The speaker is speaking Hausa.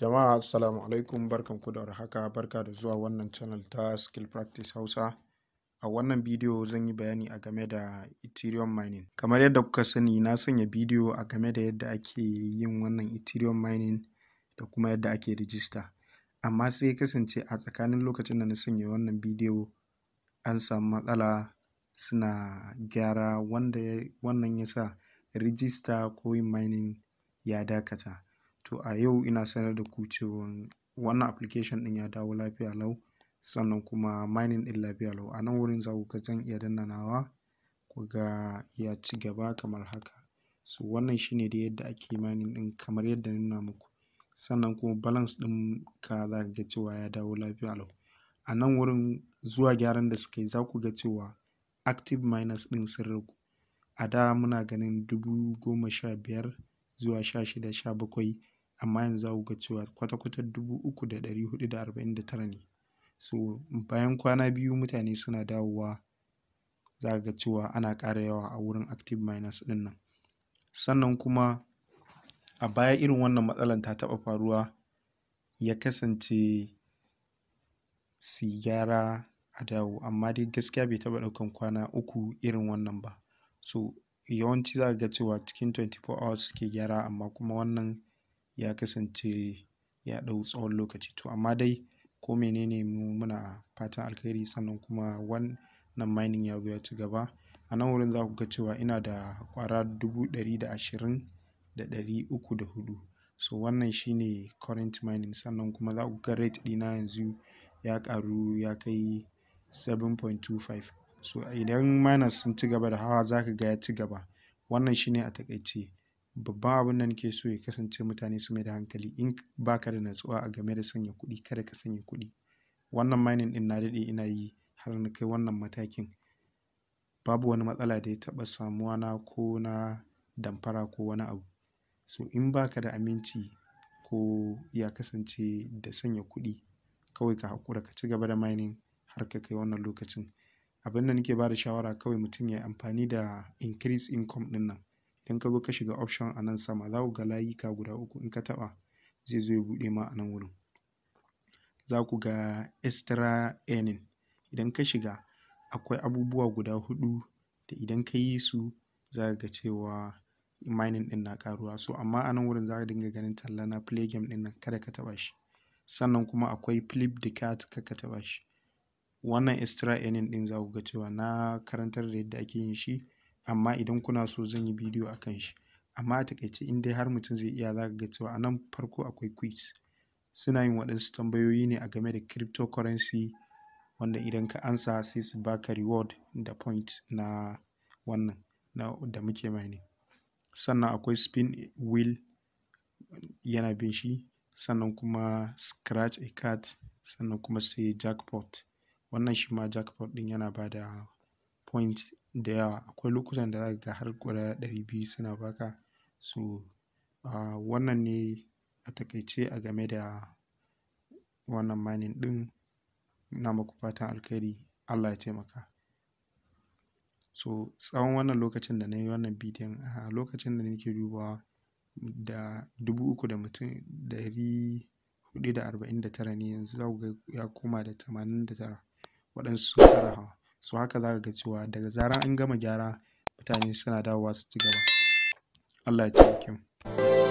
Jama'a assalamu alaikum ku da warhaka barka da zuwa wannan channel ta Skill Practice Hausa. A wannan bidiyo zan yi bayani a game da Ethereum mining. Kamar yadda kuka sani na sanya bidiyo a game da yadda ake yin wannan Ethereum mining da kuma yadda ake rijista. Amma sai ya kasance a tsakanin lokacin da na sanya wannan bidiyo an samu matsala suna gyara wanda wannan ya sa rijista ko yin mining ya dakata. To a yau ina sanar da ku cewan wannan application din ya dawo lafiya lau sannan kuma mining din lafiya lau. A nan wurin za ku ga zan iya danna nawa ku ga ya ci gaba kamar haka. So wannan shine da yadda ake mining din kamar yadda na nuna muku. Sannan kuma balance din ka za ka ga cewa ya dawo lafiya lau. A nan wurin zuwa gyaran da suka yi za ku ga cewa active miners din sun ragu. A da muna ganin dubu goma sha biyar zuwa sha shida sha bakwai. amma yanzu za ku ga cewa kwata-kwata dubu uku da ɗari hudu da arba'in da tara ne so bayan kwana biyu mutane suna dawowa za ka ga cewa ana ƙara yawa a wurin active miners ɗin nan sannan kuma a baya irin wannan matsalar ta taɓa faruwa ya kasance su gyara a dawo amma dai gaskiya bai taɓa ɗaukan kwana uku irin wannan ba so yawanci za ka ga cewa cikin 24 hours suke gyara amma kuma wannan ya kasance ya ɗau tsawon lokaci. To amma dai ko menene mu muna fatan alkhairi sannan kuma wannan mining ya zo ya ci gaba. A nan wurin za ku ga cewa ina da kwara dubu ɗari da ashirin da ɗari uku da hudu So wannan shi ne current mining sannan kuma za ku ga rate ɗina yanzu ya ƙaru ya kai 7.25. So idan miners sun ci gaba da hawa za ka ga ya ci gaba. Wannan shi ne a takaice. babban abin da nake so ya kasance mutane su mai da hankali in ba ka da natsuwa a game da sanya kuɗi kada ka sanya kuɗi wannan mining din na daɗe ina yi har na kai wannan matakin babu wani matsala da ya taɓa samuwa na ko na damfara ko wani abu so in ba ka da aminci ko ya kasance da sanya kuɗi kawai ka haƙura ka ci gaba da mining har ka kai wannan lokacin abin da nake ba da shawara kawai mutum ya yi amfani da increase income ɗin nan idan ka zo ka shiga option a nan sama za ku ga layuka guda uku in ka taɓa zai zo ya buɗe ma a nan wurin za ku ga extra earning idan ka shiga akwai abubuwa guda huɗu da idan ka yi su za ka ga cewa mining ɗin na ƙaruwa so amma a nan wurin za ka dinga ganin talla na play game ɗin nan kada ka taɓa shi sannan kuma akwai flip the card kar ka taɓa shi wannan extra earning ɗin za ku ga cewa na karantar da yadda ake yin shi amma idan kuna so zan yi bidiyo a kan shi amma a takaice in dai har mutum zai iya za ga cewa a nan farko akwai quiz suna yin waɗansu tambayoyi ne a game da cryptocurrency wanda idan ka ansa sai su baka reward da point na wannan da muke mining sannan akwai spin wheel yana bin shi sannan kuma scratch a card sannan kuma sai jackpot wannan shi ma jackpot ɗin yana ba da point da yawa. Akwai lokutan da zaka ga har guda ɗari biyu suna baka. So, a wannan ne a takaice a game da wannan mining ɗin. na muku fatan alkhairi. Allah ya taimaka. So, tsawon wannan lokacin da na yi wannan bidiyon, a lokacin da nake dubawa da dubu uku da mutum ɗari huɗu da arba'in da tara ne yanzu za ga ya koma da tamanin da tara. Waɗansu sun hawa. so haka za ka ga cewa daga zarar an gama gyara mutane suna dawowa su ci gaba Allah ya taimake mu